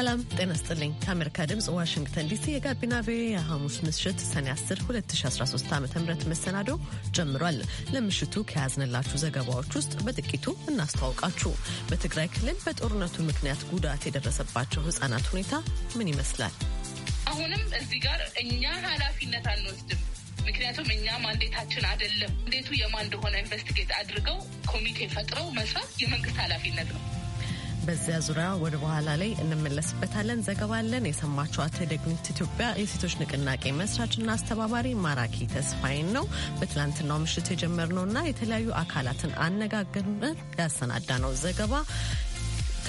ሰላም ጤና ስጥልኝ። ከአሜሪካ ድምፅ ዋሽንግተን ዲሲ የጋቢና ቪኦኤ የሐሙስ ምሽት ሰኔ 10 2013 ዓ ም መሰናዶ ጀምሯል። ለምሽቱ ከያዝንላችሁ ዘገባዎች ውስጥ በጥቂቱ እናስተዋውቃችሁ። በትግራይ ክልል በጦርነቱ ምክንያት ጉዳት የደረሰባቸው ህጻናት ሁኔታ ምን ይመስላል? አሁንም እዚህ ጋር እኛ ኃላፊነት አንወስድም። ምክንያቱም እኛ ማንዴታችን አይደለም። እንዴቱ የማን እንደሆነ ኢንቨስቲጌት አድርገው ኮሚቴ ፈጥረው መስራት የመንግስት ኃላፊነት ነው። በዚያ ዙሪያ ወደ በኋላ ላይ እንመለስበታለን። ዘገባ አለን። የሰማችኋት ደግኒት ኢትዮጵያ የሴቶች ንቅናቄ መስራችና አስተባባሪ ማራኪ ተስፋዬን ነው። በትላንትናው ምሽት የጀመርነውና የተለያዩ አካላትን አነጋግረን ያሰናዳ ነው ዘገባ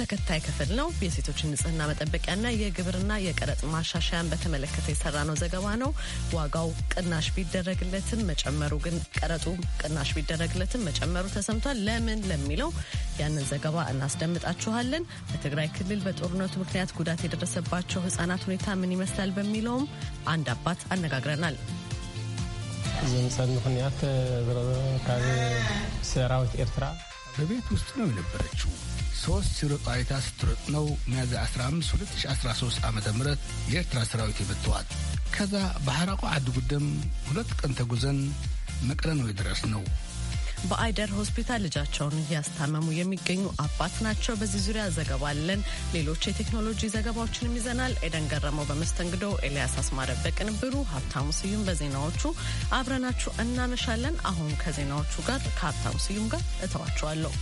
ተከታይ ክፍል ነው። የሴቶችን ንጽህና መጠበቂያና የግብርና የቀረጥ ማሻሻያን በተመለከተ ነው ዘገባ ነው። ዋጋው ቅናሽ ቢደረግለትም መጨመሩ ግን ቀረጡ ቅናሽ ቢደረግለትም መጨመሩ ተሰምቷል። ለምን ለሚለው ያንን ዘገባ እናስደምጣችኋለን። በትግራይ ክልል በጦርነቱ ምክንያት ጉዳት የደረሰባቸው ህጻናት ሁኔታ ምን ይመስላል በሚለውም አንድ አባት አነጋግረናል። እዚ ምክንያት ካብ ሰራዊት ኤርትራ በቤት ውስጥ ነው የነበረችው ሶስት ሲሮጥ ዋሪታ ስትሮጥ ነው ሚያዝያ 15 2013 ዓ ም የኤርትራ ሰራዊት የመትዋል ከዛ ባህራቁ ዓዲ ጉደም ሁለት ቀን ተጉዘን መቀለ ነው የደረስ ነው። በአይደር ሆስፒታል ልጃቸውን እያስታመሙ የሚገኙ አባት ናቸው። በዚህ ዙሪያ ዘገባ አለን። ሌሎች የቴክኖሎጂ ዘገባዎችንም ይዘናል። ኤደን ገረመው በመስተንግዶ፣ ኤልያስ አስማረ በቅንብሩ፣ ሀብታሙ ስዩም በዜናዎቹ አብረናችሁ እናመሻለን። አሁን ከዜናዎቹ ጋር ከሀብታሙ ስዩም ጋር እተዋችኋለሁ።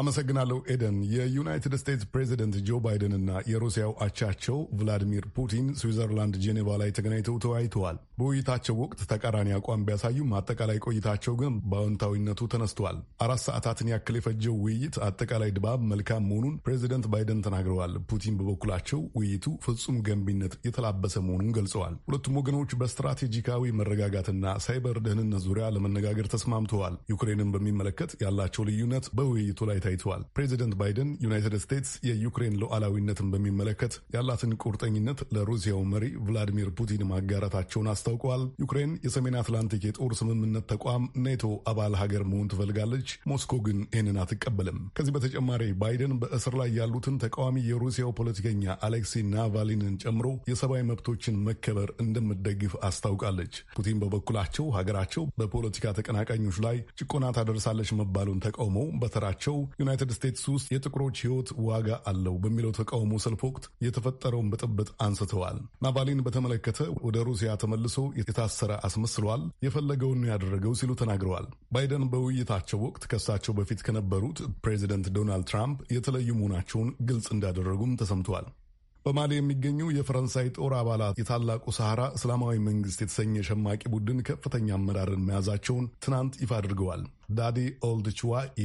አመሰግናለሁ ኤደን። የዩናይትድ ስቴትስ ፕሬዚደንት ጆ ባይደን እና የሩሲያው አቻቸው ቭላዲሚር ፑቲን ስዊዘርላንድ ጄኔቫ ላይ ተገናኝተው ተወያይተዋል። በውይይታቸው ወቅት ተቃራኒ አቋም ቢያሳዩም አጠቃላይ ቆይታቸው ግን በአዎንታዊነቱ ተነስተዋል። አራት ሰዓታትን ያክል የፈጀው ውይይት አጠቃላይ ድባብ መልካም መሆኑን ፕሬዚደንት ባይደን ተናግረዋል። ፑቲን በበኩላቸው ውይይቱ ፍጹም ገንቢነት የተላበሰ መሆኑን ገልጸዋል። ሁለቱም ወገኖች በስትራቴጂካዊ መረጋጋትና ሳይበር ደህንነት ዙሪያ ለመነጋገር ተስማምተዋል። ዩክሬንን በሚመለከት ያላቸው ልዩነት በውይይቱ ላይ ታይተዋል። ፕሬዚደንት ባይደን ዩናይትድ ስቴትስ የዩክሬን ሉዓላዊነትን በሚመለከት ያላትን ቁርጠኝነት ለሩሲያው መሪ ቭላዲሚር ፑቲን ማጋራታቸውን አስታውቀዋል። ዩክሬን የሰሜን አትላንቲክ የጦር ስምምነት ተቋም ኔቶ አባል ሀገር መሆን ትፈልጋለች። ሞስኮ ግን ይህንን አትቀበልም። ከዚህ በተጨማሪ ባይደን በእስር ላይ ያሉትን ተቃዋሚ የሩሲያው ፖለቲከኛ አሌክሲ ናቫሊንን ጨምሮ የሰብአዊ መብቶችን መከበር እንደምትደግፍ አስታውቃለች። ፑቲን በበኩላቸው ሀገራቸው በፖለቲካ ተቀናቃኞች ላይ ጭቆና ታደርሳለች መባሉን ተቃውመው በተራቸው ዩናይትድ ስቴትስ ውስጥ የጥቁሮች ሕይወት ዋጋ አለው በሚለው ተቃውሞ ሰልፍ ወቅት የተፈጠረውን ብጥብጥ አንስተዋል። ናቫሊን በተመለከተ ወደ ሩሲያ ተመልሶ የታሰረ አስመስሏል፣ የፈለገውን ያደረገው ሲሉ ተናግረዋል። ባይደን በውይይታቸው ወቅት ከሳቸው በፊት ከነበሩት ፕሬዚደንት ዶናልድ ትራምፕ የተለዩ መሆናቸውን ግልጽ እንዳደረጉም ተሰምተዋል። በማሊ የሚገኙ የፈረንሳይ ጦር አባላት የታላቁ ሰሐራ እስላማዊ መንግስት የተሰኘ ሸማቂ ቡድን ከፍተኛ አመራርን መያዛቸውን ትናንት ይፋ አድርገዋል። ዳዲ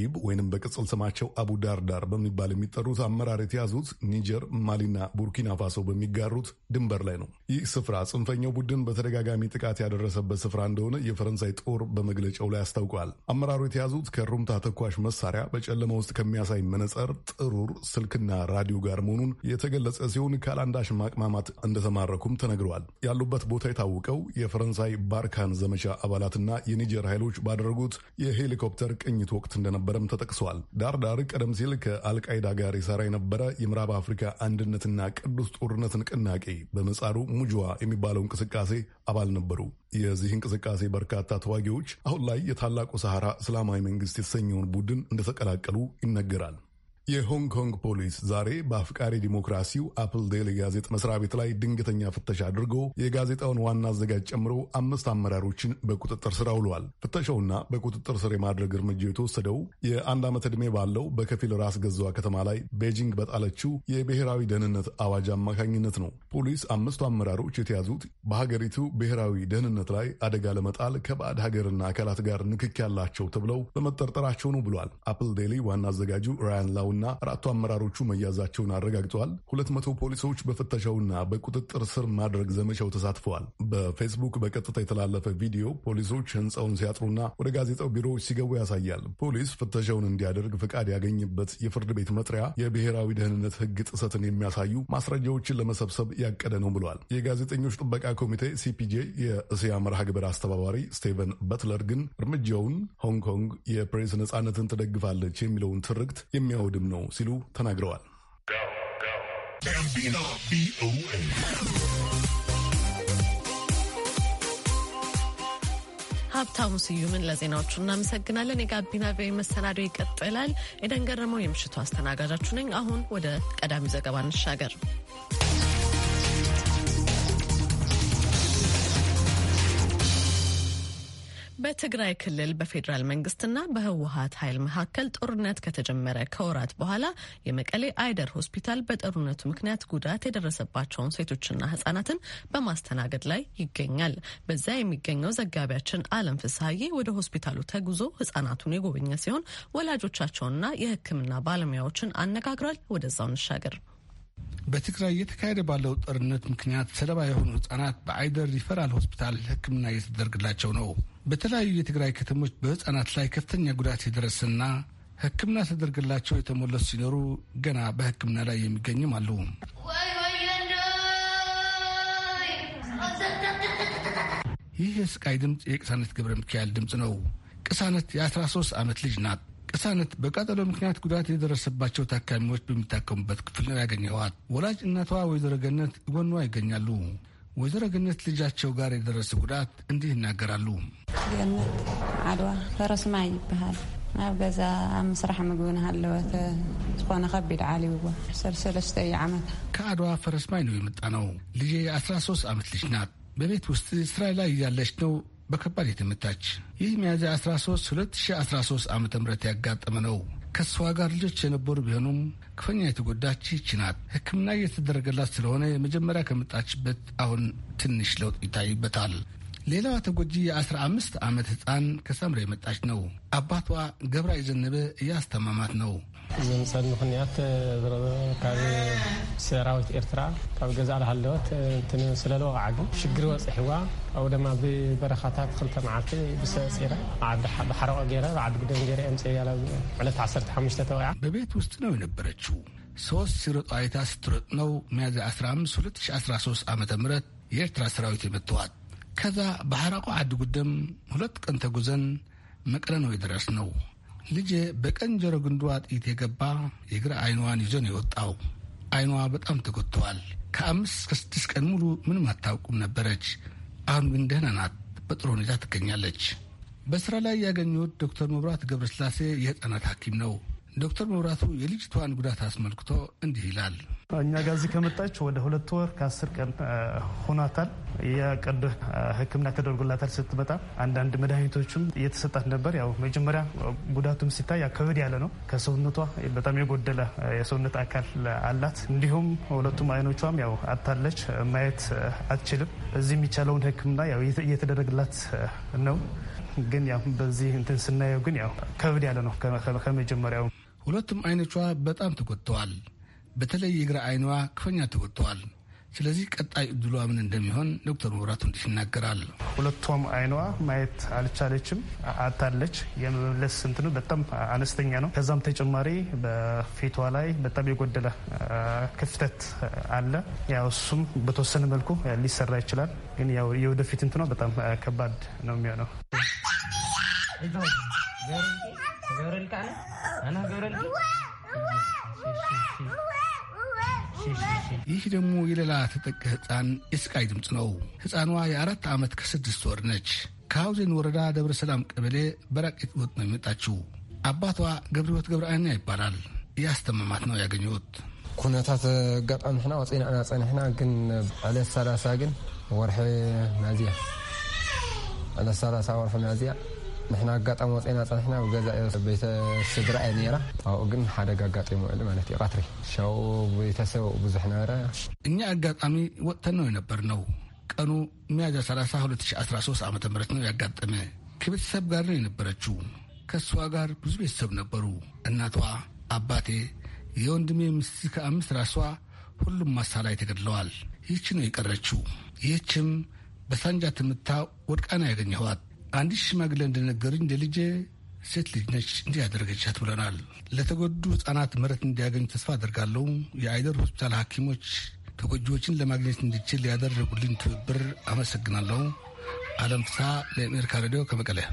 ኢብ ወይንም በቅጽል ስማቸው አቡ ዳርዳር በሚባል የሚጠሩት አመራር የተያዙት ኒጀር፣ ማሊና ቡርኪና ፋሶ በሚጋሩት ድንበር ላይ ነው። ይህ ስፍራ ጽንፈኛው ቡድን በተደጋጋሚ ጥቃት ያደረሰበት ስፍራ እንደሆነ የፈረንሳይ ጦር በመግለጫው ላይ አስታውቋል። አመራሩ የተያዙት ከሩምታ ተኳሽ መሳሪያ በጨለማ ውስጥ ከሚያሳይ መነጽር፣ ጥሩር ስልክና ራዲዮ ጋር መሆኑን የተገለጸ ሲሆን ካላንዳሽ ማቅማማት እንደተማረኩም ተነግረዋል። ያሉበት ቦታ የታወቀው የፈረንሳይ ባርካን ዘመቻ አባላትና የኒጀር ኃይሎች ባደረጉት የሄሊኮፕተር ቅኝት ወቅት እንደነበረም ተጠቅሷል። ዳር ዳር ቀደም ሲል ከአልቃይዳ ጋር የሰራ የነበረ የምዕራብ አፍሪካ አንድነትና ቅዱስ ጦርነት ንቅናቄ በመጻሩ ሙጅዋ የሚባለው እንቅስቃሴ አባል ነበሩ። የዚህ እንቅስቃሴ በርካታ ተዋጊዎች አሁን ላይ የታላቁ ሰሐራ እስላማዊ መንግስት የተሰኘውን ቡድን እንደተቀላቀሉ ይነገራል። የሆንግ ኮንግ ፖሊስ ዛሬ በአፍቃሪ ዲሞክራሲው አፕል ዴሊ ጋዜጣ መስሪያ ቤት ላይ ድንገተኛ ፍተሻ አድርጎ የጋዜጣውን ዋና አዘጋጅ ጨምሮ አምስት አመራሮችን በቁጥጥር ስር አውለዋል። ፍተሻውና በቁጥጥር ስር የማድረግ እርምጃው የተወሰደው የአንድ ዓመት ዕድሜ ባለው በከፊል ራስ ገዘዋ ከተማ ላይ ቤጂንግ በጣለችው የብሔራዊ ደህንነት አዋጅ አማካኝነት ነው። ፖሊስ አምስቱ አመራሮች የተያዙት በሀገሪቱ ብሔራዊ ደህንነት ላይ አደጋ ለመጣል ከባዕድ ሀገርና አካላት ጋር ንክኪ ያላቸው ተብለው በመጠርጠራቸው ነው ብሏል። አፕል ዴሊ ዋና አዘጋጁ ራያን ላውን መሆናቸውንና አራቱ አመራሮቹ መያዛቸውን አረጋግጠዋል። ሁለት መቶ ፖሊሶች በፍተሻውና በቁጥጥር ስር ማድረግ ዘመቻው ተሳትፈዋል። በፌስቡክ በቀጥታ የተላለፈ ቪዲዮ ፖሊሶች ህንፃውን ሲያጥሩና ወደ ጋዜጣው ቢሮዎች ሲገቡ ያሳያል። ፖሊስ ፍተሻውን እንዲያደርግ ፈቃድ ያገኝበት የፍርድ ቤት መጥሪያ የብሔራዊ ደህንነት ህግ ጥሰትን የሚያሳዩ ማስረጃዎችን ለመሰብሰብ ያቀደ ነው ብሏል። የጋዜጠኞች ጥበቃ ኮሚቴ ሲፒጄ የእስያ መርሃ ግብር አስተባባሪ ስቴቨን በትለር ግን እርምጃውን ሆንግ ኮንግ የፕሬስ ነጻነትን ትደግፋለች የሚለውን ትርክት የሚያወድም ነው ሲሉ ተናግረዋል። ሀብታሙ ስዩምን ለዜናዎቹ እናመሰግናለን። የጋቢና ቪ መሰናዶ ይቀጥላል። ኤደን ገረመው የምሽቱ አስተናጋጃችሁ ነኝ። አሁን ወደ ቀዳሚ ዘገባ እንሻገር። በትግራይ ክልል በፌዴራል መንግስትና በህወሀት ኃይል መካከል ጦርነት ከተጀመረ ከወራት በኋላ የመቀሌ አይደር ሆስፒታል በጦርነቱ ምክንያት ጉዳት የደረሰባቸውን ሴቶችና ህጻናትን በማስተናገድ ላይ ይገኛል። በዚያ የሚገኘው ዘጋቢያችን አለም ፍስሀዬ ወደ ሆስፒታሉ ተጉዞ ህጻናቱን የጎበኘ ሲሆን ወላጆቻቸውንና የህክምና ባለሙያዎችን አነጋግሯል። ወደዛው እንሻገር። በትግራይ እየተካሄደ ባለው ጦርነት ምክንያት ሰለባ የሆኑ ህጻናት በአይደር ሪፈራል ሆስፒታል ሕክምና እየተደረገላቸው ነው። በተለያዩ የትግራይ ከተሞች በህጻናት ላይ ከፍተኛ ጉዳት የደረሰና ሕክምና ተደርግላቸው የተሞለሱ ሲኖሩ ገና በሕክምና ላይ የሚገኝም አሉ። ይህ የስቃይ ድምፅ የቅሳነት ገብረ ሚካኤል ድምፅ ነው። ቅሳነት የ13 ዓመት ልጅ ናት። ቅሳነት በቃጠሎ ምክንያት ጉዳት የደረሰባቸው ታካሚዎች በሚታከሙበት ክፍል ነው ያገኘዋል። ወላጅ እናቷ ወይዘሮ ገነት ጎኗ ይገኛሉ። ወይዘሮ ገነት ልጃቸው ጋር የደረሰ ጉዳት እንዲህ ይናገራሉ። ገነት አድዋ ፈረስማ ይበሃል ኣብ ገዛ ኣብ ምስራሕ ምግቢ ንሃለወተ ዝኾነ ከቢድ ዓልይዋ ሰለስተ እዩ ዓመት ከዓድዋ ፈረስማይ ነው የመጣ ነው። ልጄ 13 ዓመት ልጅ ናት። በቤት ውስጥ ስራ ላይ እያለች ነው በከባድ የተመታች። ይህ ሚያዝያ 13 2013 ዓ ም ያጋጠመ ነው። ከእሷ ጋር ልጆች የነበሩ ቢሆኑም ክፉኛ የተጎዳች ይህች ናት። ሕክምና እየተደረገላት ስለሆነ የመጀመሪያ ከመጣችበት አሁን ትንሽ ለውጥ ይታይበታል። ሌላዋ ተጎጂ የ15 ዓመት ህፃን ከሰምረ የመጣች ነው። አባቷ ገብራ የዘነበ እያስተማማት ነው። እዚ ምፀን ምክንያት ካብ ሰራዊት ኤርትራ ካብ ገዛ ዝሃለወት ስለለዎ ዓግ ሽግር በፅሕዋ ኣብኡ ድማ ብበረኻታት ክልተ መዓልቲ ብሰፂረ ብሓረቆ ገይረ ብዓዲ ጉደን ገይረ ምፀያላ ዕለት 15 ተወቂዓ በቤት ውስጥ ነው የነበረችው። ሶስት ሲሮጥ አይታ ስትሮጥ ነው ሚያዝያ 15 2013 ዓ ም የኤርትራ ሰራዊት የመተዋት ከዛ ባህራቆ ዓዲ ጉደም ሁለት ቀን ተጉዘን መቀለ ነው የደረስነው። ልጄ በቀኝ ጆሮ ግንዷ ጥይት የገባ የግራ አይኗን ይዞ ነው የወጣው። አይኗ በጣም ተጎድተዋል። ከአምስት እስከ ስድስት ቀን ሙሉ ምንም አታውቁም ነበረች። አሁን ግን ደህና ናት፣ በጥሩ ሁኔታ ትገኛለች። በስራ ላይ ያገኘሁት ዶክተር መብራት ገብረስላሴ የህፃናት ሐኪም ነው። ዶክተር መብራቱ የልጅቷን ጉዳት አስመልክቶ እንዲህ ይላል። እኛ ጋር እዚህ ከመጣች ወደ ሁለት ወር ከአስር ቀን ሆኗታል። የቀዶ ሕክምና ተደርጎላታል። ስትመጣ አንዳንድ መድኃኒቶችም እየተሰጣት ነበር። ያው መጀመሪያ ጉዳቱም ሲታይ ከበድ ያለ ነው። ከሰውነቷ በጣም የጎደለ የሰውነት አካል አላት። እንዲሁም ሁለቱም አይኖቿም ያው አታለች፣ ማየት አትችልም። እዚህ የሚቻለውን ሕክምና ያው እየተደረገላት ነው። ግን ያው በዚህ እንትን ስናየው ግን ያው ከብድ ያለ ነው ከመጀመሪያው ሁለቱም አይኖቿ በጣም ተጎድተዋል። በተለይ የግራ አይኗ ክፈኛ ተጎድተዋል። ስለዚህ ቀጣይ እድሏ ምን እንደሚሆን ዶክተር መብራቱ እንዲህ ይናገራል። ሁለቷም አይኗ ማየት አልቻለችም፣ አታለች። የመመለስ ስንትኑ በጣም አነስተኛ ነው። ከዛም ተጨማሪ በፊቷ ላይ በጣም የጎደለ ክፍተት አለ። ያው እሱም በተወሰነ መልኩ ሊሰራ ይችላል፣ ግን ያው የወደፊት እንትኗ በጣም ከባድ ነው የሚሆነው። ገብርኤል ቃል አና ገብርኤል ይህ ደግሞ የሌላ ተጠቂ ህፃን የስቃይ ድምፅ ነው። ህፃኗ የአራት ዓመት ከስድስት ወር ነች። ከሐውዜን ወረዳ ደብረ ሰላም ቀበሌ በራቄት ወጥ ነው የመጣችው። አባቷ ገብረ ሕይወት ይባላል። እያስተማማት ነው ያገኘት ኩነታት አጋጣሚ ሕና ፀኒሕና ግን ዕለት ሰላሳ ግን ወርሒ ሚያዝያ ዕለት ሰላሳ ወርሒ ሚያዝያ ንሕና ኣጋጣሚ ወፅና ፀኒሕና ብገዛ ቤተ ስድራ እየ ነራ ኣብኡ ግን ሓደ ኣጋጢሙ ውዕሊ ማለት እዩ ቀትሪ ሻው ቤተሰብ ብዙሕ ነበረ እኛ ኣጋጣሚ ወጥተን ነው የነበር ቀኑ ሚያዝያ 30 2013 ዓ ም ነው ያጋጠመ ከቤተሰብ ጋር ነው የነበረችው ከእሷ ጋር ብዙ ቤተሰብ ነበሩ እናቷ አባቴ የወንድሜ ምስቲ ከአምስት ራሷ ሁሉም ማሳ ላይ ተገድለዋል ይህች ነው የቀረችው ይህችም በሳንጃ ትምታ ወድቃና ነው ያገኘኋት አንዲት ሽማግሌ እንደነገሩኝ እንደ ሴት ልጅ ነች እንዲህ ያደረገቻት ብለናል። ለተጎዱ ህጻናት ምሕረት እንዲያገኙ ተስፋ አደርጋለሁ። የአይደር ሆስፒታል ሐኪሞች ተጎጂዎችን ለማግኘት እንዲችል ያደረጉልኝ ትብብር አመሰግናለሁ። አለም ፍስሐ ለአሜሪካ ሬዲዮ ከመቀለያ።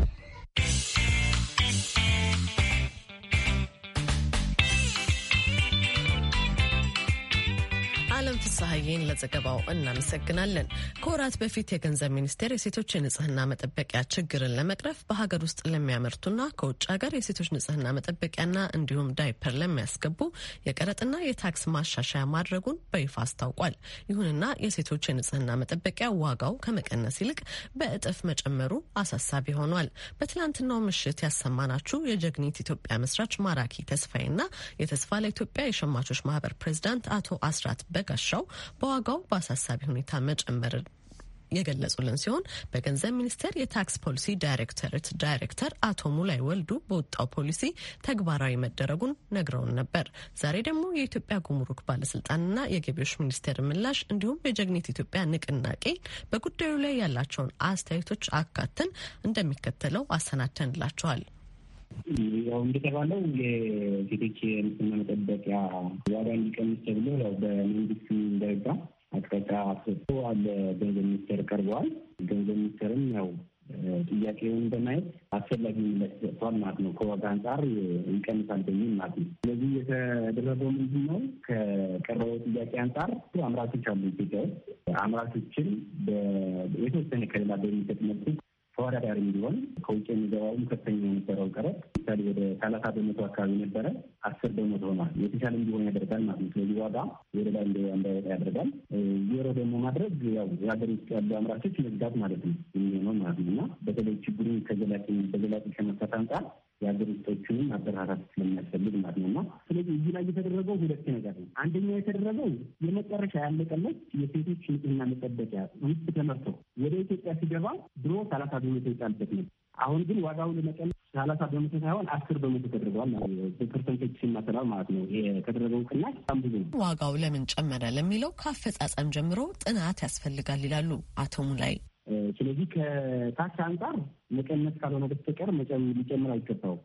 ስመኝሽን ፍስሐዬን ለዘገባው እናመሰግናለን። ከወራት በፊት የገንዘብ ሚኒስቴር የሴቶች የንጽህና መጠበቂያ ችግርን ለመቅረፍ በሀገር ውስጥ ለሚያመርቱና ከውጭ ሀገር የሴቶች ንጽህና መጠበቂያና እንዲሁም ዳይፐር ለሚያስገቡ የቀረጥና የታክስ ማሻሻያ ማድረጉን በይፋ አስታውቋል። ይሁንና የሴቶች የንጽህና መጠበቂያ ዋጋው ከመቀነስ ይልቅ በእጥፍ መጨመሩ አሳሳቢ ሆኗል። በትላንትናው ምሽት ያሰማናችሁ የጀግኒት ኢትዮጵያ መስራች ማራኪ ተስፋዬና የተስፋ ለኢትዮጵያ የሸማቾች ማህበር ፕሬዚዳንት አቶ አስራት በጋሽ እርሻው በዋጋው በአሳሳቢ ሁኔታ መጨመር የገለጹልን ሲሆን በገንዘብ ሚኒስቴር የታክስ ፖሊሲ ዳይሬክተርት ዳይሬክተር አቶ ሙላይ ወልዱ በወጣው ፖሊሲ ተግባራዊ መደረጉን ነግረውን ነበር። ዛሬ ደግሞ የኢትዮጵያ ጉምሩክ ባለስልጣንና የገቢዎች ሚኒስቴር ምላሽ እንዲሁም የጀግኒት ኢትዮጵያ ንቅናቄ በጉዳዩ ላይ ያላቸውን አስተያየቶች አካተን እንደሚከተለው አሰናድተንላችኋል። ያው እንደተባለው የሴቶች የንጽህና መጠበቂያ ዋጋ እንዲቀንስ ተብሎ ያው በመንግስት ደረጃ አቅጣጫ ሰጥቶ አለ ገንዘብ ሚኒስቴር ቀርበዋል። ገንዘብ ሚኒስቴርም ያው ጥያቄውን በማየት አስፈላጊ ምላሽ ሰጥቷል ማለት ነው። ከዋጋ አንጻር ይቀንሳል በሚል ማለት ነው። ስለዚህ የተደረገው ምንድን ነው? ከቀረበው ጥያቄ አንጻር አምራቾች አሉ ኢትዮጵያ ውስጥ አምራቾችን የተወሰነ ከሌላ በሚሰጥ መልኩ ተወዳዳሪ እንዲሆን ከውጭ የሚገባውም ከፍተኛ የነበረው ቀረጥ ምሳሌ ወደ ሰላሳ በመቶ አካባቢ ነበረ፣ አስር በመቶ ሆኗል። የተሻለ እንዲሆን ያደርጋል ማለት ነው። ስለዚህ ዋጋ ወደ ላይ እንዳይወጣ ያደርጋል። ዜሮ ደግሞ ማድረግ ያው የሀገር ውስጥ ያሉ አምራቾች መዝጋት ማለት ነው የሚሆነው ማለት ነው እና በተለይ ችግሩ ከዘላቂ ከመፍታት አንጻር የአገሪቶቹንም አበራራት ስለሚያስፈልግ ማለት ነው እና ስለዚህ እዚህ ላይ የተደረገው ሁለት ነገር ነው። አንደኛው የተደረገው የመጨረሻ ያለቀለች የሴቶች ንጽህና መጠበቂያ ውስጥ ተመርቶ ወደ ኢትዮጵያ ሲገባ ድሮ ሰላሳ በመቶ ይጣልበት ነው። አሁን ግን ዋጋው ለመቀነስ ሰላሳ በመቶ ሳይሆን አስር በመቶ ተደርገዋል ማለት ነው። በፐርሰንቶች ማለት ነው። ከተደረገው ቅናሽ በጣም ብዙ ነው። ዋጋው ለምን ጨመረ ለሚለው ከአፈጻጸም ጀምሮ ጥናት ያስፈልጋል ይላሉ አቶ ሙላይ ስለዚህ ከታክስ አንጻር መቀነስ ካልሆነ በስተቀር ሊጨምር አይገባው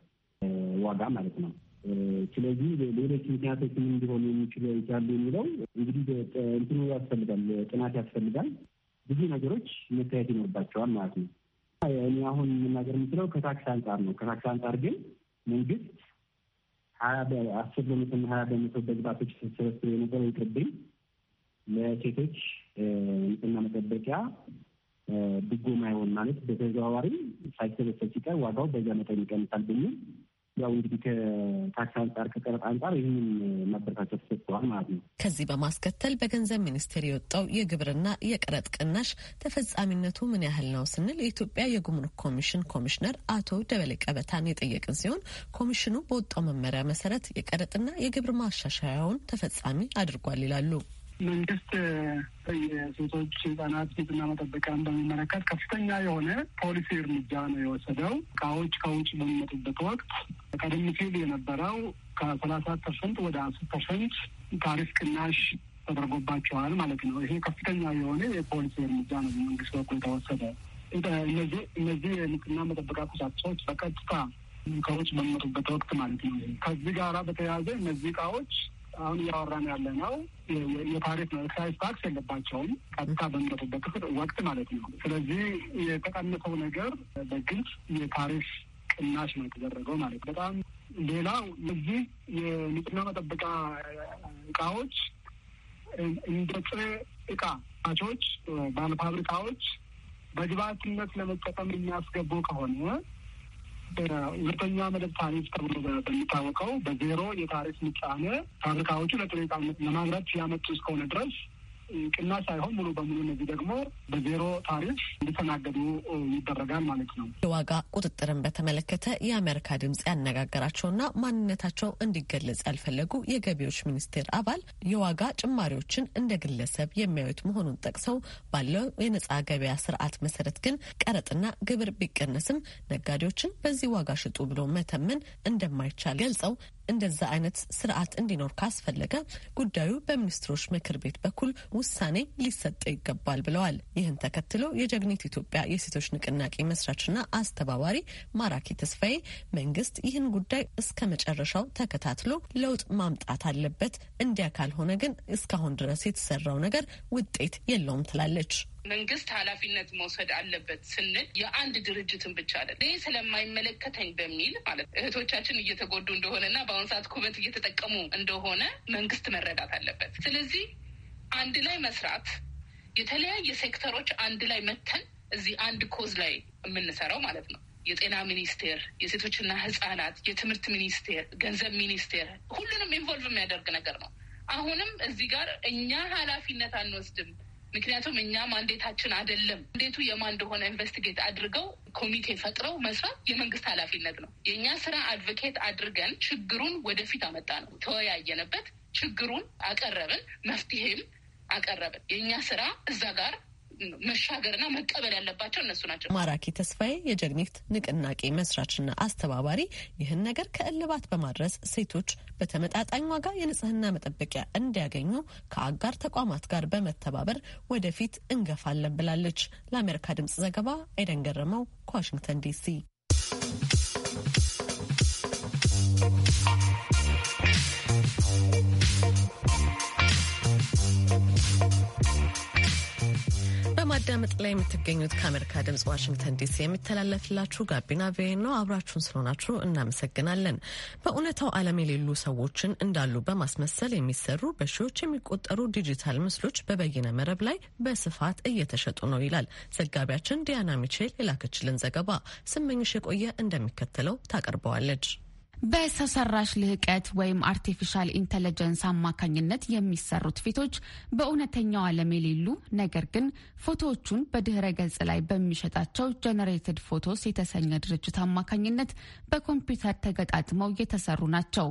ዋጋ ማለት ነው። ስለዚህ ሌሎች ምክንያቶች ምን እንዲሆኑ የሚችሉ ይችላሉ የሚለው እንግዲህ እንትኑ ያስፈልጋል፣ ጥናት ያስፈልጋል። ብዙ ነገሮች መታየት ይኖርባቸዋል ማለት ነው። እኔ አሁን የምናገር የምችለው ከታክስ አንጻር ነው። ከታክስ አንጻር ግን መንግስት ሀያ በመቶ በመቶና ሀያ በመቶ በግባቶች ስብስብ የነበረው ይቅርብኝ ለሴቶች ንጽህና መጠበቂያ ድጎማ ይሆን ማለት በተዘዋዋሪ ሳይሰበሰብ ሲቀር ዋጋው በዛ መጠን ይቀንሳል በሚል ያው እንግዲህ ከታክስ አንጻር ከቀረጥ አንጻር ይህንን ማበረታቸው ተሰጥተዋል ማለት ነው። ከዚህ በማስከተል በገንዘብ ሚኒስቴር የወጣው የግብርና የቀረጥ ቅናሽ ተፈጻሚነቱ ምን ያህል ነው ስንል የኢትዮጵያ የጉምሩክ ኮሚሽን ኮሚሽነር አቶ ደበሌ ቀበታን የጠየቅን ሲሆን ኮሚሽኑ በወጣው መመሪያ መሰረት የቀረጥና የግብር ማሻሻያውን ተፈጻሚ አድርጓል ይላሉ። መንግስት የሴቶች ህጻናት ንጽህና መጠበቂያን በሚመለከት ከፍተኛ የሆነ ፖሊሲ እርምጃ ነው የወሰደው። እቃዎች ከውጭ በሚመጡበት ወቅት ቀደም ሲል የነበረው ከሰላሳ ፐርሰንት ወደ አስር ፐርሰንት ታሪፍ ቅናሽ ተደርጎባቸዋል ማለት ነው። ይሄ ከፍተኛ የሆነ የፖሊሲ እርምጃ ነው በመንግስት በኩል የተወሰደ። እነዚህ እነዚህ የንጽህና መጠበቂያ ቁሳቁሶች በቀጥታ ከውጭ በሚመጡበት ወቅት ማለት ነው። ከዚህ ጋራ በተያያዘ እነዚህ እቃዎች አሁን እያወራን ያለ ነው የፓሪስ ነው። ኤክሳይዝ ታክስ የለባቸውም ቀጥታ በሚመጡበት ወቅት ማለት ነው። ስለዚህ የተቀንፈው ነገር በግልጽ የፓሪስ ቅናሽ ነው የተደረገው ማለት በጣም ሌላው እዚህ የንጽህና መጠበቂያ እቃዎች እንደ ጥሬ እቃ ቻዎች ባለፋብሪካዎች በግብአትነት ለመጠቀም የሚያስገቡ ከሆነ ሁለተኛ መደብ ታሪፍ ተብሎ በሚታወቀው በዜሮ የታሪፍ ምጣኔ ፋብሪካዎቹ ለጥሬ ዕቃነት ለማምረት ያመጡ እስከሆነ ድረስ ቅናሽ ሳይሆን ሙሉ በሙሉ እነዚህ ደግሞ በዜሮ ታሪፍ እንዲተናገዱ ይደረጋል ማለት ነው። የዋጋ ቁጥጥርን በተመለከተ የአሜሪካ ድምጽ ያነጋገራቸውና ማንነታቸው እንዲገለጽ ያልፈለጉ የገቢዎች ሚኒስቴር አባል የዋጋ ጭማሪዎችን እንደ ግለሰብ የሚያዩት መሆኑን ጠቅሰው ባለው የነጻ ገበያ ስርዓት መሰረት ግን ቀረጥና ግብር ቢቀነስም ነጋዴዎችን በዚህ ዋጋ ሽጡ ብሎ መተመን እንደማይቻል ገልጸው እንደዛ አይነት ስርዓት እንዲኖር ካስፈለገ ጉዳዩ በሚኒስትሮች ምክር ቤት በኩል ውሳኔ ሊሰጠ ይገባል ብለዋል። ይህን ተከትሎ የጀግኒት ኢትዮጵያ የሴቶች ንቅናቄ መስራችና አስተባባሪ ማራኪ ተስፋዬ መንግስት ይህን ጉዳይ እስከ መጨረሻው ተከታትሎ ለውጥ ማምጣት አለበት፣ እንዲያ ካልሆነ ግን እስካሁን ድረስ የተሰራው ነገር ውጤት የለውም ትላለች። መንግስት ኃላፊነት መውሰድ አለበት ስንል የአንድ ድርጅትን ብቻ አለ ይህ ስለማይመለከተኝ በሚል ማለት እህቶቻችን እየተጎዱ እንደሆነና በአሁኑ ሰዓት ኩበት እየተጠቀሙ እንደሆነ መንግስት መረዳት አለበት። ስለዚህ አንድ ላይ መስራት የተለያየ ሴክተሮች አንድ ላይ መተን እዚህ አንድ ኮዝ ላይ የምንሰራው ማለት ነው። የጤና ሚኒስቴር፣ የሴቶችና ህጻናት፣ የትምህርት ሚኒስቴር፣ ገንዘብ ሚኒስቴር ሁሉንም ኢንቮልቭ የሚያደርግ ነገር ነው። አሁንም እዚህ ጋር እኛ ኃላፊነት አንወስድም ምክንያቱም እኛ ማንዴታችን አይደለም። እንዴቱ የማን እንደሆነ ኢንቨስቲጌት አድርገው ኮሚቴ ፈጥረው መስራት የመንግስት ኃላፊነት ነው። የእኛ ስራ አድቮኬት አድርገን ችግሩን ወደፊት አመጣ ነው። ተወያየንበት፣ ችግሩን አቀረብን፣ መፍትሄም አቀረብን። የእኛ ስራ እዛ ጋር መሻገርና መቀበል ያለባቸው እነሱ ናቸው። ማራኪ ተስፋዬ የጀግኒት ንቅናቄ መስራችና አስተባባሪ ይህን ነገር ከእልባት በማድረስ ሴቶች በተመጣጣኝ ዋጋ የንጽህና መጠበቂያ እንዲያገኙ ከአጋር ተቋማት ጋር በመተባበር ወደፊት እንገፋለን ብላለች። ለአሜሪካ ድምጽ ዘገባ ኤደን ገረመው ከዋሽንግተን ዲሲ። በማዳመጥ ላይ የምትገኙት ከአሜሪካ ድምጽ ዋሽንግተን ዲሲ የሚተላለፍላችሁ ጋቢና ቪኦኤ ነው። አብራችሁን ስለሆናችሁ እናመሰግናለን። በእውነታው ዓለም የሌሉ ሰዎችን እንዳሉ በማስመሰል የሚሰሩ በሺዎች የሚቆጠሩ ዲጂታል ምስሎች በበይነ መረብ ላይ በስፋት እየተሸጡ ነው ይላል ዘጋቢያችን ዲያና ሚቼል የላከችልን ዘገባ። ስመኝሽ የቆየ እንደሚከተለው ታቀርበዋለች። በሰው ሰራሽ ልህቀት ወይም አርቲፊሻል ኢንተለጀንስ አማካኝነት የሚሰሩት ፊቶች በእውነተኛው ዓለም የሌሉ ነገር ግን ፎቶዎቹን በድህረ ገጽ ላይ በሚሸጣቸው ጀነሬትድ ፎቶስ የተሰኘ ድርጅት አማካኝነት በኮምፒውተር ተገጣጥመው የተሰሩ ናቸው።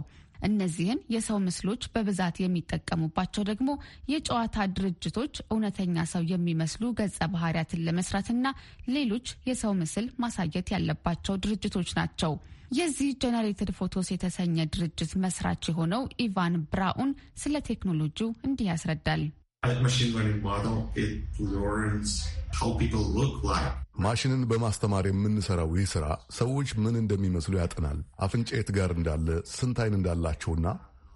እነዚህን የሰው ምስሎች በብዛት የሚጠቀሙባቸው ደግሞ የጨዋታ ድርጅቶች እውነተኛ ሰው የሚመስሉ ገጸ ባህሪያትን ለመስራትና ሌሎች የሰው ምስል ማሳየት ያለባቸው ድርጅቶች ናቸው። የዚህ ጀነሬትድ ፎቶስ የተሰኘ ድርጅት መስራች የሆነው ኢቫን ብራኡን ስለ ቴክኖሎጂው እንዲህ ያስረዳል። ማሽንን በማስተማር የምንሰራው ይህ ስራ ሰዎች ምን እንደሚመስሉ ያጠናል። አፍንጫ የት ጋር እንዳለ፣ ስንት አይን እንዳላቸውና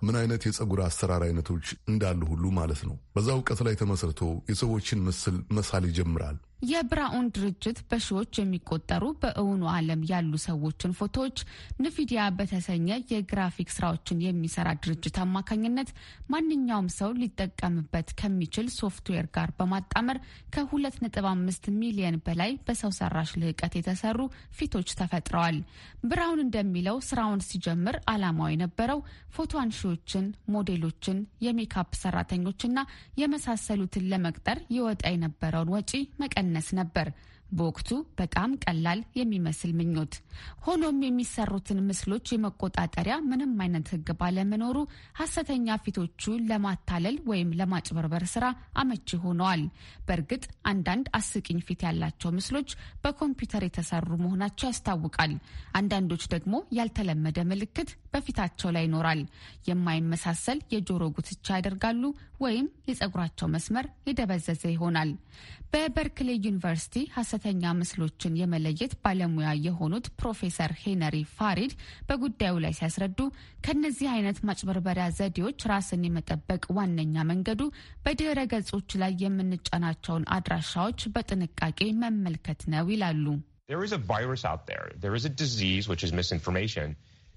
ምን አይነት የፀጉር አሰራር አይነቶች እንዳሉ ሁሉ ማለት ነው። በዛ እውቀት ላይ ተመስርቶ የሰዎችን ምስል መሳል ይጀምራል። የብራኡን ድርጅት በሺዎች የሚቆጠሩ በእውኑ ዓለም ያሉ ሰዎችን ፎቶዎች ንፊዲያ በተሰኘ የግራፊክ ስራዎችን የሚሰራ ድርጅት አማካኝነት ማንኛውም ሰው ሊጠቀምበት ከሚችል ሶፍትዌር ጋር በማጣመር ከ2.5 ሚሊየን በላይ በሰው ሰራሽ ልህቀት የተሰሩ ፊቶች ተፈጥረዋል። ብራውን እንደሚለው ስራውን ሲጀምር ዓላማው የነበረው ፎቶ አንሺዎችን፣ ሞዴሎችን፣ የሜካፕ ሰራተኞችና የመሳሰሉትን ለመቅጠር ይወጣ የነበረውን ወጪ መቀነ መቀነስ ነበር። በወቅቱ በጣም ቀላል የሚመስል ምኞት። ሆኖም የሚሰሩትን ምስሎች የመቆጣጠሪያ ምንም አይነት ሕግ ባለመኖሩ ሀሰተኛ ፊቶቹ ለማታለል ወይም ለማጭበርበር ስራ አመቺ ሆነዋል። በእርግጥ አንዳንድ አስቂኝ ፊት ያላቸው ምስሎች በኮምፒውተር የተሰሩ መሆናቸው ያስታውቃል። አንዳንዶች ደግሞ ያልተለመደ ምልክት በፊታቸው ላይ ይኖራል። የማይመሳሰል የጆሮ ጉትቻ ያደርጋሉ ወይም የጸጉራቸው መስመር የደበዘዘ ይሆናል። በበርክሌ ዩኒቨርሲቲ ሀሰተኛ ምስሎችን የመለየት ባለሙያ የሆኑት ፕሮፌሰር ሄነሪ ፋሪድ በጉዳዩ ላይ ሲያስረዱ ከእነዚህ አይነት ማጭበርበሪያ ዘዴዎች ራስን የመጠበቅ ዋነኛ መንገዱ በድህረ ገጾች ላይ የምንጫናቸውን አድራሻዎች በጥንቃቄ መመልከት ነው ይላሉ።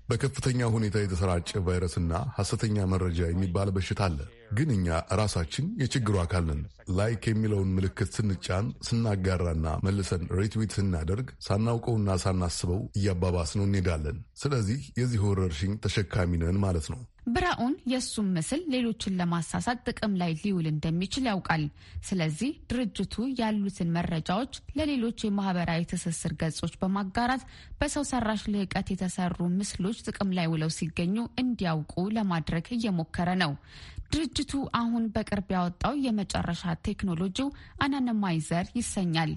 በከፍተኛ ሁኔታ የተሰራጨ ቫይረስና ሐሰተኛ መረጃ የሚባል በሽታ አለ። ግን እኛ ራሳችን የችግሩ አካል ነን። ላይክ የሚለውን ምልክት ስንጫን፣ ስናጋራና መልሰን ሬትዊት ስናደርግ ሳናውቀውና ሳናስበው እያባባስነው እንሄዳለን። ስለዚህ የዚህ ወረርሽኝ ተሸካሚ ነን ማለት ነው። ብራኡን የእሱም ምስል ሌሎችን ለማሳሳት ጥቅም ላይ ሊውል እንደሚችል ያውቃል። ስለዚህ ድርጅቱ ያሉትን መረጃዎች ለሌሎች የማህበራዊ ትስስር ገጾች በማጋራት በሰው ሰራሽ ልህቀት የተሰሩ ምስሎች ጥቅም ላይ ውለው ሲገኙ እንዲያውቁ ለማድረግ እየሞከረ ነው። ድርጅቱ አሁን በቅርብ ያወጣው የመጨረሻ ቴክኖሎጂው አናነማይዘር ይሰኛል።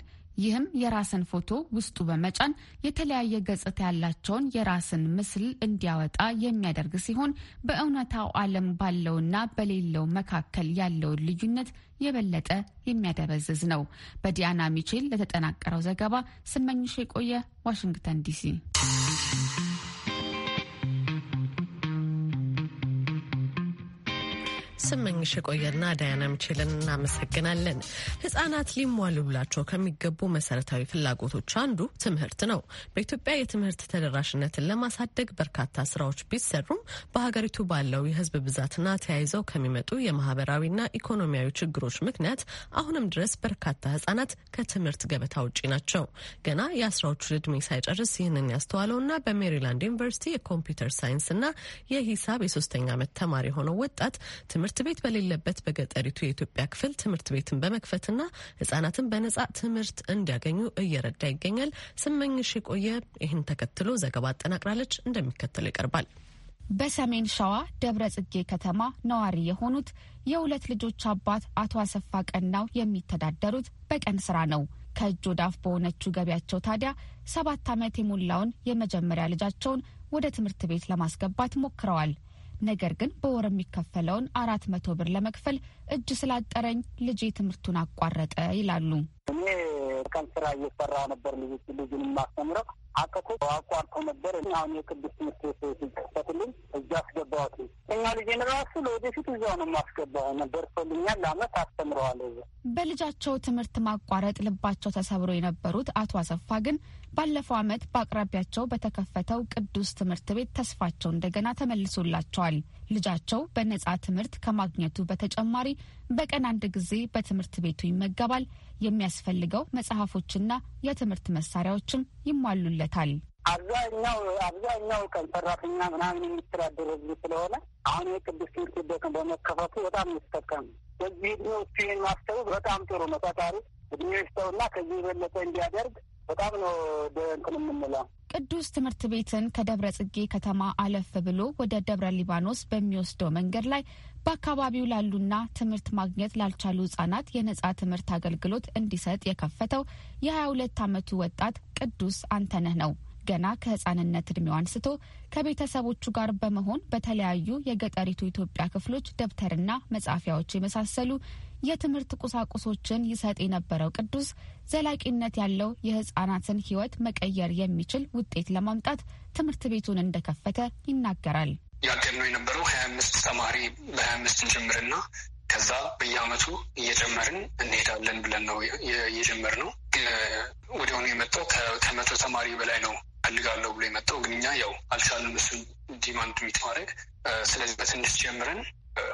ይህም የራስን ፎቶ ውስጡ በመጫን የተለያየ ገጽታ ያላቸውን የራስን ምስል እንዲያወጣ የሚያደርግ ሲሆን በእውነታው ዓለም ባለውና በሌለው መካከል ያለውን ልዩነት የበለጠ የሚያደበዝዝ ነው። በዲያና ሚቼል ለተጠናቀረው ዘገባ ስመኝሽ የቆየ ዋሽንግተን ዲሲ ስመኝሽ የቆየና ዳያና ምችልን እናመሰግናለን። ህጻናት ሊሟሉ ብላቸው ከሚገቡ መሰረታዊ ፍላጎቶች አንዱ ትምህርት ነው። በኢትዮጵያ የትምህርት ተደራሽነትን ለማሳደግ በርካታ ስራዎች ቢሰሩም በሀገሪቱ ባለው የህዝብ ብዛትና ተያይዘው ከሚመጡ የማህበራዊና ኢኮኖሚያዊ ችግሮች ምክንያት አሁንም ድረስ በርካታ ህጻናት ከትምህርት ገበታ ውጪ ናቸው። ገና የአስራዎቹ ዕድሜ ሳይጨርስ ይህንን ያስተዋለውና በሜሪላንድ ዩኒቨርሲቲ የኮምፒውተር ሳይንስና የሂሳብ የሶስተኛ ዓመት ተማሪ የሆነው ወጣት ትምህርት ትምህርት ቤት በሌለበት በገጠሪቱ የኢትዮጵያ ክፍል ትምህርት ቤትን በመክፈትና ህጻናትን በነጻ ትምህርት እንዲያገኙ እየረዳ ይገኛል። ስመኝሽ የቆየ ይህን ተከትሎ ዘገባ አጠናቅራለች፣ እንደሚከተለው ይቀርባል። በሰሜን ሸዋ ደብረ ጽጌ ከተማ ነዋሪ የሆኑት የሁለት ልጆች አባት አቶ አሰፋ ቀናው የሚተዳደሩት በቀን ስራ ነው። ከእጅ ዳፍ በሆነችው ገቢያቸው ታዲያ ሰባት ዓመት የሞላውን የመጀመሪያ ልጃቸውን ወደ ትምህርት ቤት ለማስገባት ሞክረዋል። ነገር ግን በወር የሚከፈለውን አራት መቶ ብር ለመክፈል እጅ ስላጠረኝ ልጄ ትምህርቱን አቋረጠ ይላሉ። እኔ ቀን ስራ እየሰራ ነበር ልጅ ልጅን የማስተምረው አቅቶ አቋርጠው ነበር። አሁን የቅዱስ ትምህርት ቤት ሲከፈትልኝ ልጄን ራሱ ለወደፊት እዚያው ነው የማስገባው ነበር። ፈልኛል ለአመት አስተምረዋል። በልጃቸው ትምህርት ማቋረጥ ልባቸው ተሰብሮ የነበሩት አቶ አሰፋ ግን ባለፈው አመት በአቅራቢያቸው በተከፈተው ቅዱስ ትምህርት ቤት ተስፋቸው እንደገና ተመልሶላቸዋል። ልጃቸው በነጻ ትምህርት ከማግኘቱ በተጨማሪ በቀን አንድ ጊዜ በትምህርት ቤቱ ይመገባል። የሚያስፈልገው መጽሐፎችና የትምህርት መሳሪያዎችም ይሟሉለታል። አብዛኛው አብዛኛው ቀን ሰራተኛ ምናምን የሚተዳደረ ስለሆነ አሁን የቅዱስ ትምህርት ቤት በመከፈቱ በጣም ይጠቀም። በዚህ እድሜ ውስጥ ይህን ማስተቡ በጣም ጥሩ ነው። ፈጣሪ እድሜ ይስጠውና ከዚህ የበለጠ እንዲያደርግ በጣም ነው ደንቅን የምንለው። ቅዱስ ትምህርት ቤትን ከደብረ ጽጌ ከተማ አለፍ ብሎ ወደ ደብረ ሊባኖስ በሚወስደው መንገድ ላይ በአካባቢው ላሉና ትምህርት ማግኘት ላልቻሉ ህጻናት የነጻ ትምህርት አገልግሎት እንዲሰጥ የከፈተው የ22 ዓመቱ ወጣት ቅዱስ አንተነህ ነው። ገና ከህጻንነት እድሜው አንስቶ ከቤተሰቦቹ ጋር በመሆን በተለያዩ የገጠሪቱ ኢትዮጵያ ክፍሎች ደብተርና መጻፊያዎች የመሳሰሉ የትምህርት ቁሳቁሶችን ይሰጥ የነበረው ቅዱስ ዘላቂነት ያለው የህጻናትን ህይወት መቀየር የሚችል ውጤት ለማምጣት ትምህርት ቤቱን እንደከፈተ ይናገራል። ያገድነው የነበረው ሀያ አምስት ተማሪ በሀያ አምስት ጀምርና ከዛ በየአመቱ እየጀመርን እንሄዳለን ብለን ነው እየጀመር ነው። ወዲያውኑ የመጣው ከመቶ ተማሪ በላይ ነው ፈልጋለሁ ብሎ የመጣው ግን እኛ ያው አልቻልንም እሱን ዲማንድ ሚት ማድረግ። ስለዚህ በትንሽ ጀምረን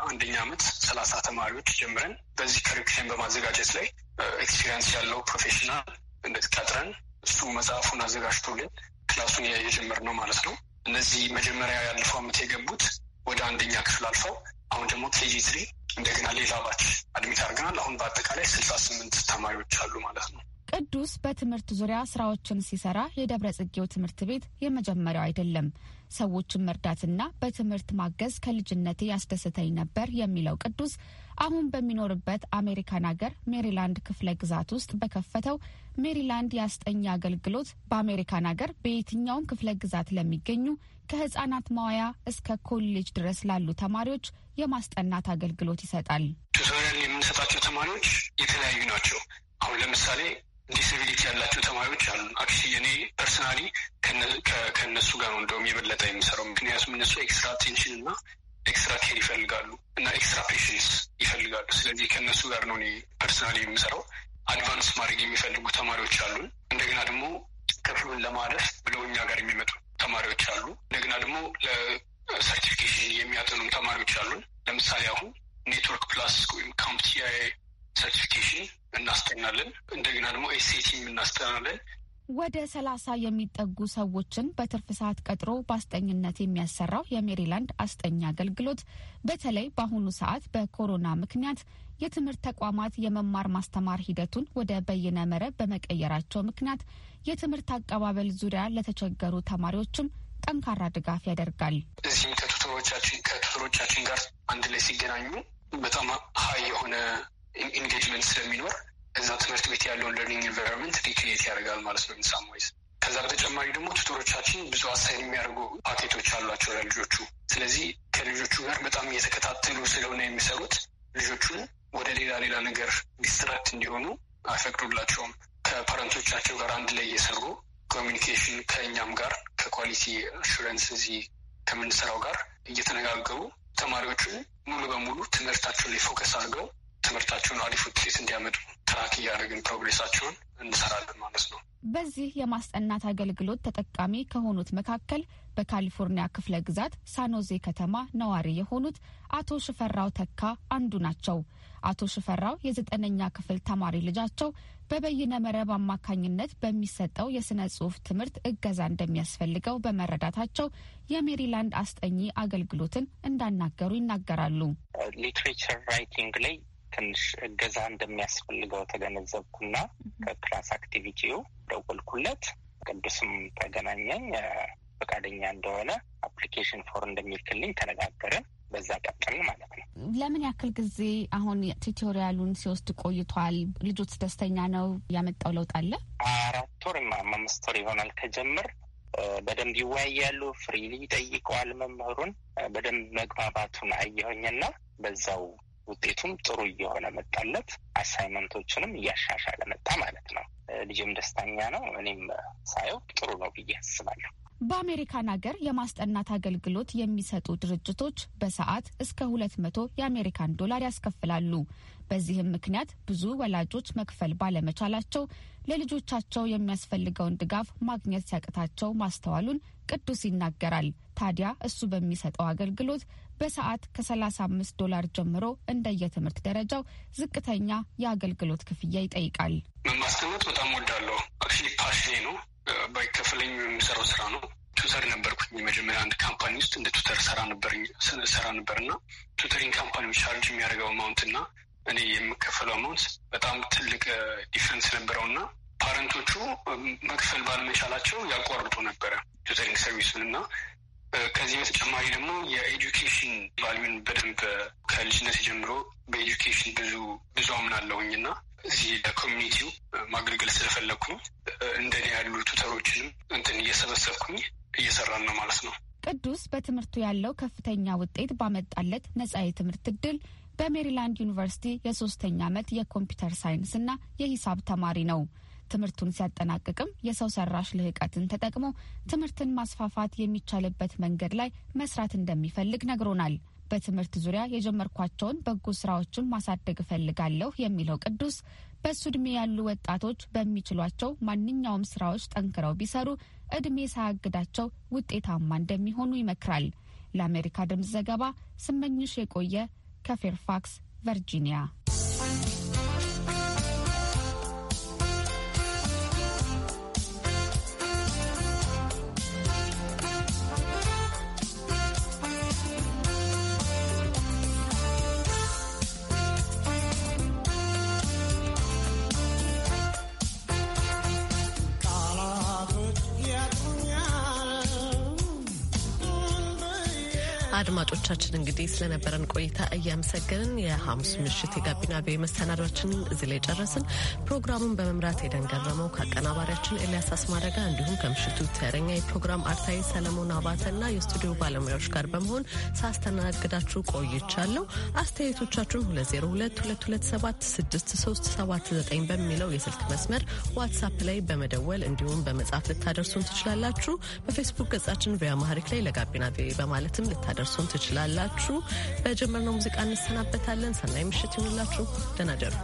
አንደኛ ዓመት ሰላሳ ተማሪዎች ጀምረን በዚህ ከሪክሽን በማዘጋጀት ላይ ኤክስፒሪንስ ያለው ፕሮፌሽናል እንደዚህ ቀጥረን እሱ መጽሐፉን አዘጋጅቶልን ክላሱን የጀመርነው ማለት ነው። እነዚህ መጀመሪያ ያለፈው ዓመት የገቡት ወደ አንደኛ ክፍል አልፈው አሁን ደግሞ ኬጂ ትሪ እንደገና ሌላ ባት አድሚት አድርገናል። አሁን በአጠቃላይ ስልሳ ስምንት ተማሪዎች አሉ ማለት ነው። ቅዱስ በትምህርት ዙሪያ ስራዎችን ሲሰራ የደብረ ጽጌው ትምህርት ቤት የመጀመሪያው አይደለም። ሰዎችን መርዳትና በትምህርት ማገዝ ከልጅነቴ ያስደስተኝ ነበር የሚለው ቅዱስ አሁን በሚኖርበት አሜሪካን ሀገር ሜሪላንድ ክፍለ ግዛት ውስጥ በከፈተው ሜሪላንድ የአስጠኝ አገልግሎት በአሜሪካን ሀገር በየትኛውም ክፍለ ግዛት ለሚገኙ ከህጻናት ማዋያ እስከ ኮሌጅ ድረስ ላሉ ተማሪዎች የማስጠናት አገልግሎት ይሰጣል። ቱቶሪያል የምንሰጣቸው ተማሪዎች የተለያዩ ናቸው። አሁን ለምሳሌ ዲስቢሊቲ ያላቸው ተማሪዎች አሉ። አክሽ እኔ ፐርሰናሊ ከእነሱ ጋር ነው እንደውም የበለጠ የሚሰራው። ምክንያቱም እነሱ ኤክስትራ ቴንሽን እና ኤክስትራ ኬር ይፈልጋሉ እና ኤክስትራ ፔሽንስ ይፈልጋሉ። ስለዚህ ከእነሱ ጋር ነው እኔ ፐርሰናሊ የምሰራው። አድቫንስ ማድረግ የሚፈልጉ ተማሪዎች አሉን። እንደገና ደግሞ ክፍሉን ለማለፍ ብለው እኛ ጋር የሚመጡ ተማሪዎች አሉ። እንደገና ደግሞ ሰርቲፊኬሽን የሚያጠኑም ተማሪዎች አሉን። ለምሳሌ አሁን ኔትወርክ ፕላስ ወይም ካምፕቲአይ ሰርቲፊኬሽን እናስጠናለን። እንደገና ደግሞ ኤስኤቲም እናስጠናለን። ወደ ሰላሳ የሚጠጉ ሰዎችን በትርፍ ሰዓት ቀጥሮ በአስጠኝነት የሚያሰራው የሜሪላንድ አስጠኝ አገልግሎት በተለይ በአሁኑ ሰዓት በኮሮና ምክንያት የትምህርት ተቋማት የመማር ማስተማር ሂደቱን ወደ በይነ መረብ በመቀየራቸው ምክንያት የትምህርት አቀባበል ዙሪያ ለተቸገሩ ተማሪዎችም ጠንካራ ድጋፍ ያደርጋል። እዚህም ከቱተሮቻችን ጋር አንድ ላይ ሲገናኙ በጣም ሀይ የሆነ ኢንጌጅመንት ስለሚኖር እዛ ትምህርት ቤት ያለውን ለርኒንግ ኢንቫይሮንመንት ሪክሬት ያደርጋል ማለት ነው ኢንሳሞይዝ ከዛ በተጨማሪ ደግሞ ቱተሮቻችን ብዙ አሳይን የሚያደርጉ ፓኬቶች አሏቸው ለልጆቹ። ስለዚህ ከልጆቹ ጋር በጣም እየተከታተሉ ስለሆነ የሚሰሩት ልጆቹን ወደ ሌላ ሌላ ነገር ዲስትራክት እንዲሆኑ አይፈቅዱላቸውም። ከፓረንቶቻቸው ጋር አንድ ላይ እየሰሩ ኮሚኒኬሽን ከእኛም ጋር ከኳሊቲ አሹረንስ እዚህ ከምንሰራው ጋር እየተነጋገሩ ተማሪዎቹ ሙሉ በሙሉ ትምህርታቸውን ላይ ፎከስ አድርገው ትምህርታቸውን አሪፍ ውጤት እንዲያመጡ ትራክ እያደረግን ፕሮግሬሳቸውን እንሰራለን ማለት ነው። በዚህ የማስጠናት አገልግሎት ተጠቃሚ ከሆኑት መካከል በካሊፎርኒያ ክፍለ ግዛት ሳኖዜ ከተማ ነዋሪ የሆኑት አቶ ሽፈራው ተካ አንዱ ናቸው። አቶ ሽፈራው የዘጠነኛ ክፍል ተማሪ ልጃቸው በበይነ መረብ አማካኝነት በሚሰጠው የስነ ጽሁፍ ትምህርት እገዛ እንደሚያስፈልገው በመረዳታቸው የሜሪላንድ አስጠኚ አገልግሎትን እንዳናገሩ ይናገራሉ። ሊትሬቸር ራይቲንግ ላይ ትንሽ እገዛ እንደሚያስፈልገው ተገነዘብኩና ከክላስ አክቲቪቲው ደወልኩለት። ቅዱስም ተገናኘኝ። ፈቃደኛ እንደሆነ አፕሊኬሽን ፎር እንደሚልክልኝ ተነጋገርን። በዛ ቀጥል ማለት ነው። ለምን ያክል ጊዜ አሁን ቱቶሪያሉን ሲወስድ ቆይቷል? ልጆች ደስተኛ ነው? ያመጣው ለውጥ አለ? አራት ወር አምስት ወር ይሆናል ከጀምር በደንብ ይወያያሉ። ፍሪሊ ይጠይቀዋል መምህሩን በደንብ መግባባቱን አየሁኝና በዛው ውጤቱም ጥሩ እየሆነ መጣለት። አሳይመንቶችንም እያሻሻለ መጣ ማለት ነው። ልጅም ደስተኛ ነው። እኔም ሳየው ጥሩ ነው ብዬ አስባለሁ። በአሜሪካን ሀገር የማስጠናት አገልግሎት የሚሰጡ ድርጅቶች በሰዓት እስከ ሁለት መቶ የአሜሪካን ዶላር ያስከፍላሉ። በዚህም ምክንያት ብዙ ወላጆች መክፈል ባለመቻላቸው ለልጆቻቸው የሚያስፈልገውን ድጋፍ ማግኘት ሲያቅታቸው ማስተዋሉን ቅዱስ ይናገራል። ታዲያ እሱ በሚሰጠው አገልግሎት በሰዓት ከ35 ዶላር ጀምሮ እንደየትምህርት ደረጃው ዝቅተኛ የአገልግሎት ክፍያ ይጠይቃል። ማስቀመጥ በጣም ወዳለሁ። አክቹዋሊ ፓሽኔ ነው። ባይከፈለኝ የሚሰራው ስራ ነው። ቱተር ነበርኩኝ። የመጀመሪያ አንድ ካምፓኒ ውስጥ እንደ ቱተር ሰራ ነበር ሰራ ነበር እና ቱተሪንግ ካምፓኒ ቻርጅ የሚያደርገው አማውንት እና እኔ የምከፈለው አማውንት በጣም ትልቅ ዲፈንስ ነበረው እና ፓረንቶቹ መክፈል ባለመቻላቸው ያቋርጡ ነበረ ቱተሪንግ ሰርቪሱን እና ከዚህ በተጨማሪ ደግሞ የኤዱኬሽን ቫሉን በደንብ ከልጅነት ጀምሮ በኤዱኬሽን ብዙ ብዙ አምናለሁኝ እና እዚህ ለኮሚኒቲው ማገልገል ስለፈለግኩ እንደኔ ያሉ ቱተሮችንም እንትን እየሰበሰብኩኝ እየሰራን ነው ማለት ነው። ቅዱስ በትምህርቱ ያለው ከፍተኛ ውጤት ባመጣለት ነጻ የትምህርት እድል በሜሪላንድ ዩኒቨርሲቲ የሶስተኛ ዓመት የኮምፒውተር ሳይንስ እና የሂሳብ ተማሪ ነው። ትምህርቱን ሲያጠናቅቅም የሰው ሰራሽ ልህቀትን ተጠቅሞ ትምህርትን ማስፋፋት የሚቻልበት መንገድ ላይ መስራት እንደሚፈልግ ነግሮናል። በትምህርት ዙሪያ የጀመርኳቸውን በጎ ስራዎችን ማሳደግ እፈልጋለሁ የሚለው ቅዱስ በእሱ እድሜ ያሉ ወጣቶች በሚችሏቸው ማንኛውም ስራዎች ጠንክረው ቢሰሩ እድሜ ሳያግዳቸው ውጤታማ እንደሚሆኑ ይመክራል። ለአሜሪካ ድምፅ ዘገባ ስመኝሽ የቆየ ከፌርፋክስ ቨርጂኒያ። አድማጮቻችን እንግዲህ ስለነበረን ቆይታ እያመሰገንን የሐሙስ ምሽት የጋቢና ቤ መሰናዷችንን እዚህ ላይ ጨረስን። ፕሮግራሙን በመምራት የደን ገረመው ከአቀናባሪያችን ኤልያስ አስማረጋ እንዲሁም ከምሽቱ ተረኛ የፕሮግራም አርታይ ሰለሞን አባተና የስቱዲዮ ባለሙያዎች ጋር በመሆን ሳስተናግዳችሁ ቆይቻለሁ። አስተያየቶቻችሁን 2022276379 በሚለው የስልክ መስመር ዋትሳፕ ላይ በመደወል እንዲሁም በመጻፍ ልታደርሱን ትችላላችሁ። በፌስቡክ ገጻችን ቪያ ማህሪክ ላይ ለጋቢና ቤ በማለትም ልታደርሱን ልታደርሱን ትችላላችሁ። በጀመርነው ሙዚቃ እንሰናበታለን። ሰናይ ምሽት ይሁንላችሁ። ደህና ደሩ።